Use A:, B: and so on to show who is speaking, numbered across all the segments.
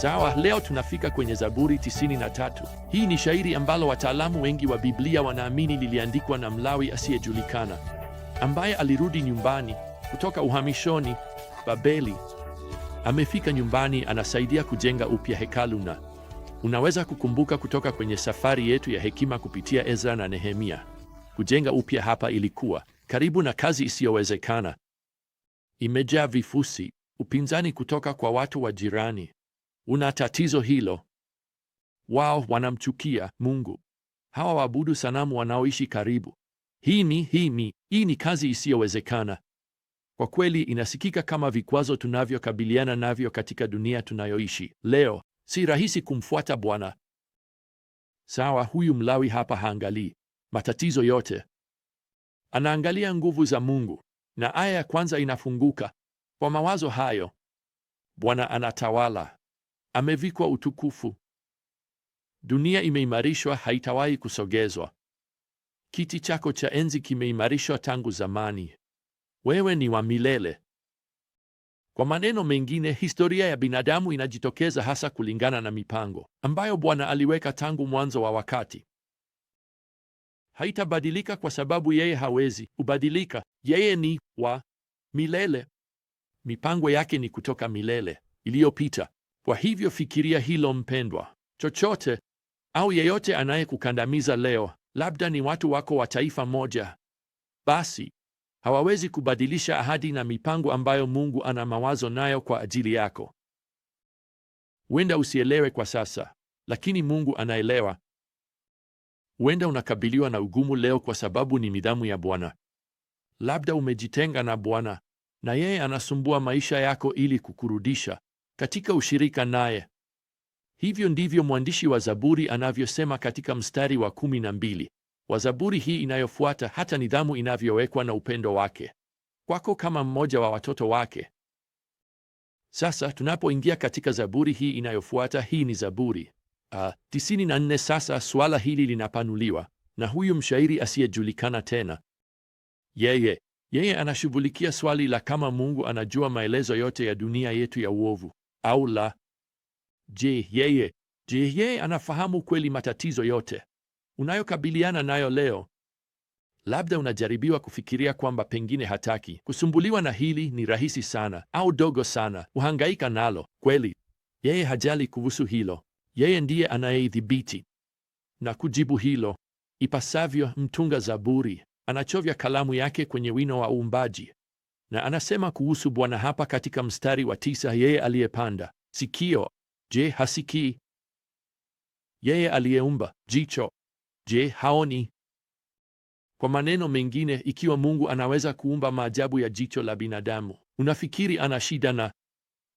A: Sawa, ah, leo tunafika kwenye Zaburi 93. Hii ni shairi ambalo wataalamu wengi wa Biblia wanaamini liliandikwa na Mlawi asiyejulikana ambaye alirudi nyumbani kutoka uhamishoni Babeli. Amefika nyumbani, anasaidia kujenga upya hekalu, na unaweza kukumbuka kutoka kwenye safari yetu ya hekima kupitia Ezra na Nehemia, kujenga upya hapa ilikuwa karibu na kazi isiyowezekana. Imejaa vifusi, upinzani kutoka kwa watu wa jirani, una tatizo hilo. Wao wanamchukia Mungu, hawa waabudu sanamu wanaoishi karibu. Hii ni hii ni hii ni kazi isiyowezekana kwa kweli. Inasikika kama vikwazo tunavyokabiliana navyo katika dunia tunayoishi leo. Si rahisi kumfuata Bwana. Sawa, huyu Mlawi hapa haangalii matatizo yote, anaangalia nguvu za Mungu, na aya ya kwanza inafunguka kwa mawazo hayo. Bwana anatawala amevikwa utukufu. Dunia imeimarishwa, haitawahi kusogezwa. Kiti chako cha enzi kimeimarishwa tangu zamani. Wewe ni wa milele. Kwa maneno mengine, historia ya binadamu inajitokeza hasa kulingana na mipango ambayo Bwana aliweka tangu mwanzo wa wakati. Haitabadilika kwa sababu yeye hawezi kubadilika. Yeye ni wa milele. Mipango yake ni kutoka milele iliyopita. Kwa hivyo fikiria hilo mpendwa, chochote au yeyote anayekukandamiza leo, labda ni watu wako wa taifa moja, basi hawawezi kubadilisha ahadi na mipango ambayo Mungu ana mawazo nayo kwa ajili yako. Huenda usielewe kwa sasa, lakini Mungu anaelewa. Huenda unakabiliwa na ugumu leo kwa sababu ni midhamu ya Bwana. Labda umejitenga na Bwana na yeye anasumbua maisha yako ili kukurudisha katika ushirika naye. Hivyo ndivyo mwandishi wa Zaburi anavyosema katika mstari wa kumi na mbili wa Zaburi hii inayofuata, hata nidhamu inavyowekwa na upendo wake kwako kama mmoja wa watoto wake. Sasa tunapoingia katika Zaburi hii inayofuata, hii ni Zaburi uh, tisini na nne. Sasa suala hili linapanuliwa na huyu mshairi asiyejulikana tena. Yeye yeye anashughulikia swali la kama Mungu anajua maelezo yote ya dunia yetu ya uovu au la? Je, yeye je yeye anafahamu kweli matatizo yote unayokabiliana nayo leo? Labda unajaribiwa kufikiria kwamba pengine hataki kusumbuliwa na hili, ni rahisi sana au dogo sana uhangaika nalo. Kweli yeye hajali kuhusu hilo, yeye ndiye anayeidhibiti na kujibu hilo ipasavyo. Mtunga Zaburi anachovya kalamu yake kwenye wino wa uumbaji na anasema kuhusu Bwana hapa katika mstari wa tisa, yeye aliyepanda sikio, je, hasikii? Yeye aliyeumba jicho, je, haoni? Kwa maneno mengine, ikiwa Mungu anaweza kuumba maajabu ya jicho la binadamu, unafikiri ana shida na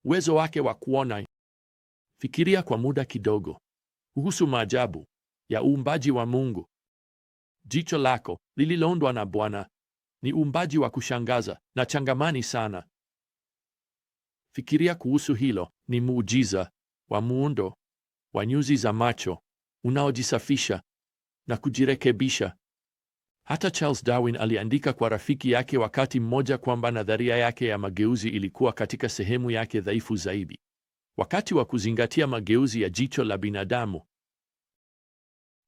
A: uwezo wake wa kuona? Fikiria kwa muda kidogo kuhusu maajabu ya uumbaji wa Mungu. Jicho lako lililoundwa na Bwana ni uumbaji wa kushangaza na changamani sana. Fikiria kuhusu hilo. Ni muujiza wa muundo wa nyuzi za macho unaojisafisha na kujirekebisha. Hata Charles Darwin aliandika kwa rafiki yake wakati mmoja kwamba nadharia yake ya mageuzi ilikuwa katika sehemu yake dhaifu zaidi, wakati wa kuzingatia mageuzi ya jicho la binadamu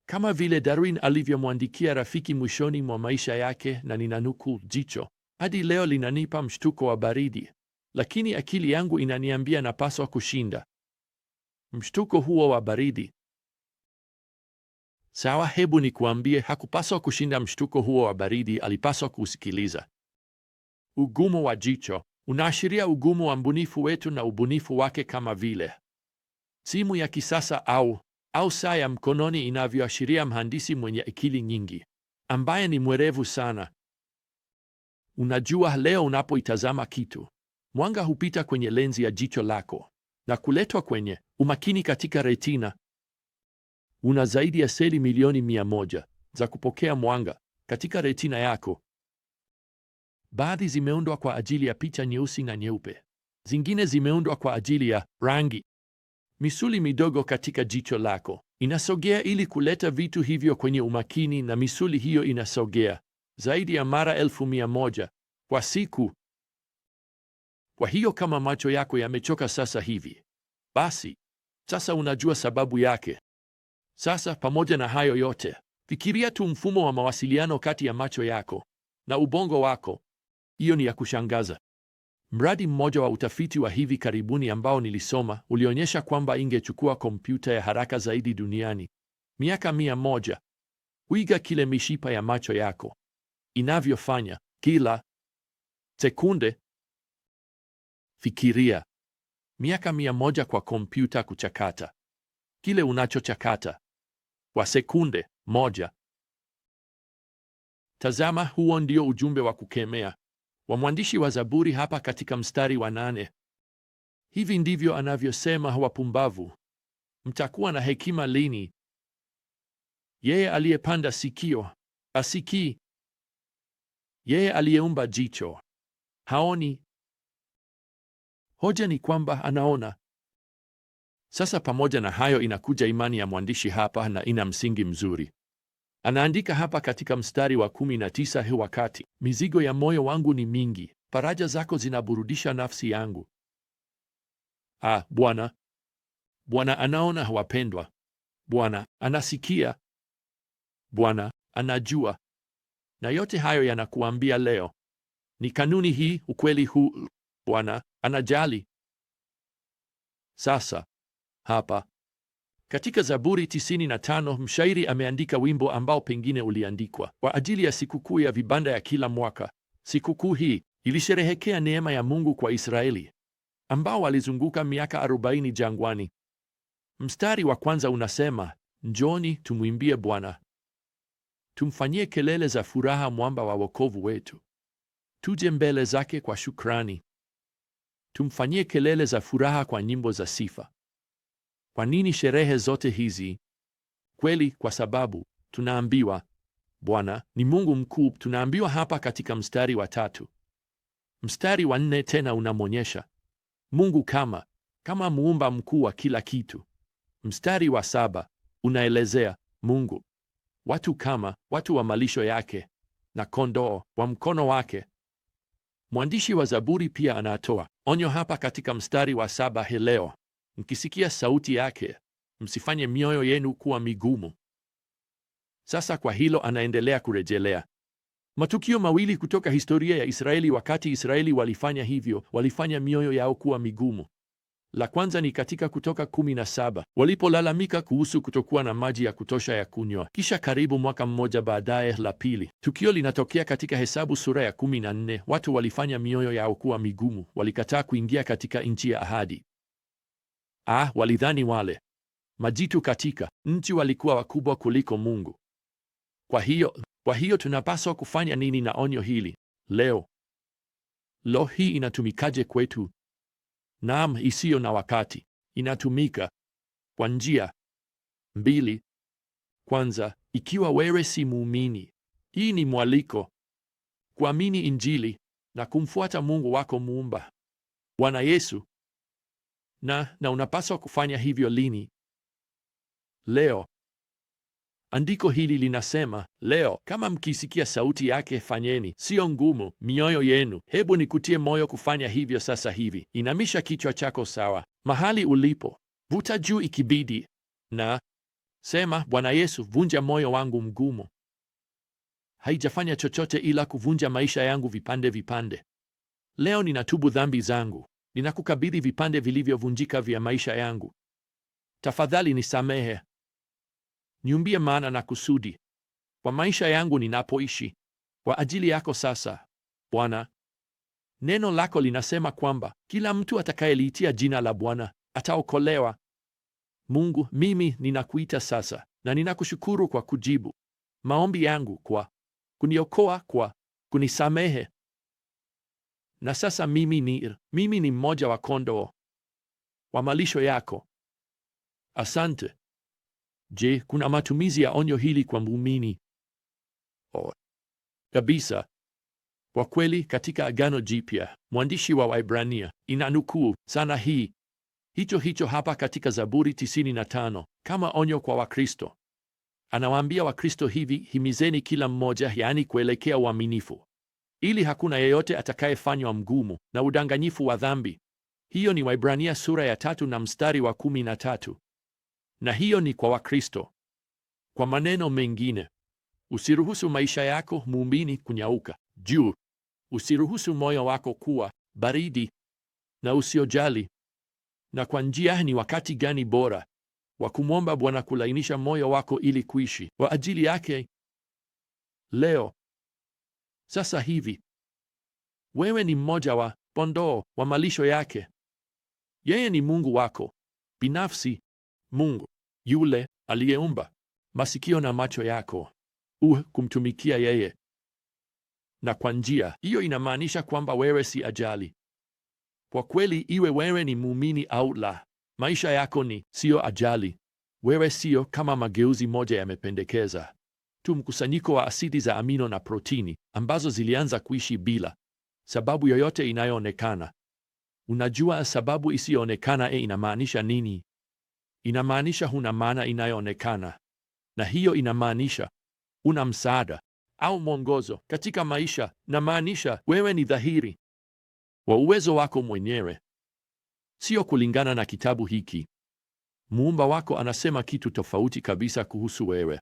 A: kama vile Darwin alivyomwandikia rafiki mwishoni mwa maisha yake, na ninanukuu, jicho hadi leo linanipa mshtuko wa baridi, lakini akili yangu inaniambia napaswa kushinda mshtuko huo wa baridi. Sawa, hebu nikuambie, hakupaswa kushinda mshtuko huo wa baridi, alipaswa kusikiliza. Ugumu wa jicho unaashiria ugumu wa mbunifu wetu na ubunifu wake, kama vile simu ya kisasa au au saa ya mkononi inavyoashiria mhandisi mwenye akili nyingi ambaye ni mwerevu sana. Unajua, leo unapoitazama kitu, mwanga hupita kwenye lenzi ya jicho lako na kuletwa kwenye umakini katika retina. Una zaidi ya seli milioni mia moja za kupokea mwanga katika retina yako. Baadhi zimeundwa kwa ajili ya picha nyeusi na nyeupe, zingine zimeundwa kwa ajili ya rangi misuli midogo katika jicho lako inasogea ili kuleta vitu hivyo kwenye umakini, na misuli hiyo inasogea zaidi ya mara elfu mia moja kwa siku. Kwa hiyo kama macho yako yamechoka sasa hivi, basi sasa unajua sababu yake. Sasa pamoja na hayo yote, fikiria tu mfumo wa mawasiliano kati ya macho yako na ubongo wako. Hiyo ni ya kushangaza. Mradi mmoja wa utafiti wa hivi karibuni ambao nilisoma ulionyesha kwamba ingechukua kompyuta ya haraka zaidi duniani miaka mia moja kuiga kile mishipa ya macho yako inavyofanya kila sekunde. Fikiria miaka mia moja kwa kompyuta kuchakata kile unachochakata kwa sekunde moja. Tazama, huo ndio ujumbe wa kukemea wa mwandishi wa Zaburi hapa katika mstari wa nane. Hivi ndivyo anavyosema: wapumbavu, mtakuwa na hekima lini? Yeye aliyepanda sikio asikii? Yeye aliyeumba jicho haoni? Hoja ni kwamba anaona. Sasa pamoja na hayo, inakuja imani ya mwandishi hapa, na ina msingi mzuri. Anaandika hapa katika mstari wa 19, he wakati mizigo ya moyo wangu ni mingi, faraja zako zinaburudisha nafsi yangu. Ah, Bwana Bwana anaona wapendwa. Bwana anasikia. Bwana anajua, na yote hayo yanakuambia leo. Ni kanuni hii, ukweli huu. Bwana anajali. Sasa hapa katika Zaburi 95 mshairi ameandika wimbo ambao pengine uliandikwa kwa ajili ya sikukuu ya vibanda ya kila mwaka. Sikukuu hii ilisherehekea neema ya Mungu kwa Israeli ambao walizunguka miaka 40 jangwani. Mstari wa kwanza unasema, njoni tumwimbie Bwana, tumfanyie kelele za furaha, mwamba wa wokovu wetu, tuje mbele zake kwa shukrani, tumfanyie kelele za furaha kwa nyimbo za sifa. Kwa nini sherehe zote hizi? Kweli, kwa sababu tunaambiwa Bwana ni Mungu mkuu. Tunaambiwa hapa katika mstari wa tatu. Mstari wa nne tena unamwonyesha Mungu kama kama muumba mkuu wa kila kitu. Mstari wa saba unaelezea Mungu watu kama watu wa malisho yake na kondoo wa mkono wake. Mwandishi wa Zaburi pia anatoa onyo hapa katika mstari wa saba: he leo Mkisikia sauti yake, msifanye mioyo yenu kuwa migumu. Sasa kwa hilo anaendelea kurejelea matukio mawili kutoka historia ya Israeli. Wakati Israeli walifanya hivyo, walifanya mioyo yao kuwa migumu. La kwanza ni katika Kutoka 17 walipolalamika kuhusu kutokuwa na maji ya kutosha ya kunywa, kisha karibu mwaka mmoja baadaye. La pili, tukio linatokea katika Hesabu sura ya 14. Watu walifanya mioyo yao kuwa migumu, walikataa kuingia katika nchi ya ahadi. Ah, walidhani wale majitu katika nchi walikuwa wakubwa kuliko Mungu. Kwa hiyo kwa hiyo tunapaswa kufanya nini na onyo hili leo? Lo, hii inatumikaje kwetu? Naam, isiyo na wakati inatumika kwa njia mbili. Kwanza, ikiwa wewe si muumini, hii ni mwaliko kuamini Injili na kumfuata Mungu wako muumba Bwana Yesu na na unapaswa kufanya hivyo lini? Leo. Andiko hili linasema leo, kama mkisikia sauti yake, fanyeni. Sio ngumu mioyo yenu. Hebu nikutie moyo kufanya hivyo sasa hivi. Inamisha kichwa chako sawa mahali ulipo, vuta juu ikibidi, na sema, Bwana Yesu, vunja moyo wangu mgumu. Haijafanya chochote ila kuvunja maisha yangu vipande vipande. Leo ninatubu dhambi zangu ninakukabidhi vipande vilivyovunjika vya maisha yangu. Tafadhali nisamehe, niumbie maana na kusudi kwa maisha yangu ninapoishi kwa ajili yako. Sasa Bwana, neno lako linasema kwamba kila mtu atakayeliitia jina la Bwana ataokolewa. Mungu, mimi ninakuita sasa na ninakushukuru kwa kujibu maombi yangu, kwa kuniokoa, kwa kunisamehe na sasa mimi ni mimi ni mmoja wa kondoo wa malisho yako. Asante. Je, kuna matumizi ya onyo hili kwa muumini? Oh, kabisa. Kwa kweli katika Agano Jipya mwandishi wa Waibrania inanukuu sana hii hicho hicho hapa katika Zaburi 95 kama onyo kwa Wakristo. Anawaambia Wakristo hivi, himizeni kila mmoja, yaani kuelekea uaminifu ili hakuna yeyote atakayefanywa mgumu na udanganyifu wa dhambi. Hiyo ni Waibrania sura ya tatu na mstari wa kumi na tatu. Na hiyo ni kwa Wakristo. Kwa maneno mengine, usiruhusu maisha yako muumbini kunyauka juu, usiruhusu moyo wako kuwa baridi na usiojali. Na kwa njia, ni wakati gani bora wa kumwomba Bwana kulainisha moyo wako ili kuishi kwa ajili yake leo? sasa hivi. Wewe ni mmoja wa kondoo wa malisho yake. Yeye ni Mungu wako binafsi, Mungu yule aliyeumba masikio na macho yako uh, kumtumikia yeye. Na kwa njia hiyo inamaanisha kwamba wewe si ajali kwa kweli, iwe wewe ni muumini au la, maisha yako ni siyo ajali. Wewe siyo kama mageuzi moja yamependekeza tu mkusanyiko wa asidi za amino na protini ambazo zilianza kuishi bila sababu yoyote inayoonekana. Unajua, sababu isiyoonekana e, inamaanisha nini? Inamaanisha huna maana inayoonekana, na hiyo inamaanisha una msaada au mwongozo katika maisha, na maanisha wewe ni dhahiri wa uwezo wako mwenyewe, sio kulingana na kitabu hiki. Muumba wako anasema kitu tofauti kabisa kuhusu wewe.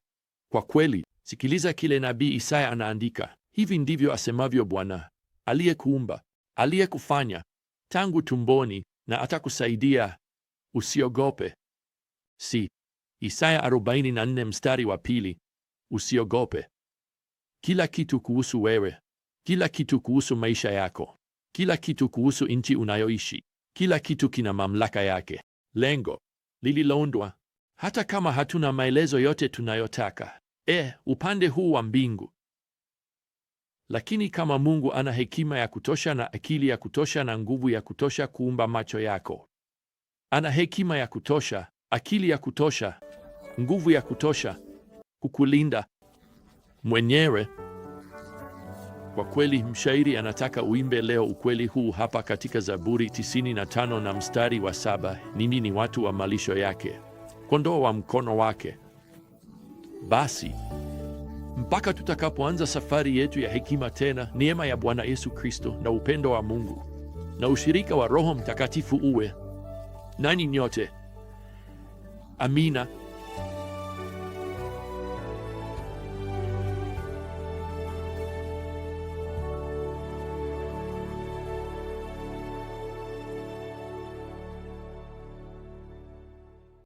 A: Kwa kweli, Sikiliza kile nabii Isaya anaandika. Hivi ndivyo asemavyo Bwana aliyekuumba, aliyekufanya tangu tumboni na atakusaidia. Usiogope. Si Isaya 44 mstari wa pili. Usiogope. Kila kitu kuhusu wewe, kila kitu kuhusu maisha yako, kila kitu kuhusu nchi unayoishi, kila kitu kina mamlaka yake, lengo lililoundwa, hata kama hatuna maelezo yote tunayotaka e upande huu wa mbingu. Lakini kama Mungu ana hekima ya kutosha na akili ya kutosha na nguvu ya kutosha kuumba macho yako, ana hekima ya kutosha, akili ya kutosha, nguvu ya kutosha kukulinda mwenyewe. Kwa kweli, mshairi anataka uimbe leo ukweli huu hapa katika Zaburi 95 na mstari wa saba: ninyi ni watu wa malisho yake, kondoo wa mkono wake. Basi mpaka tutakapoanza safari yetu ya hekima tena, neema ya Bwana Yesu Kristo na upendo wa Mungu na ushirika wa Roho Mtakatifu uwe nani nyote. Amina.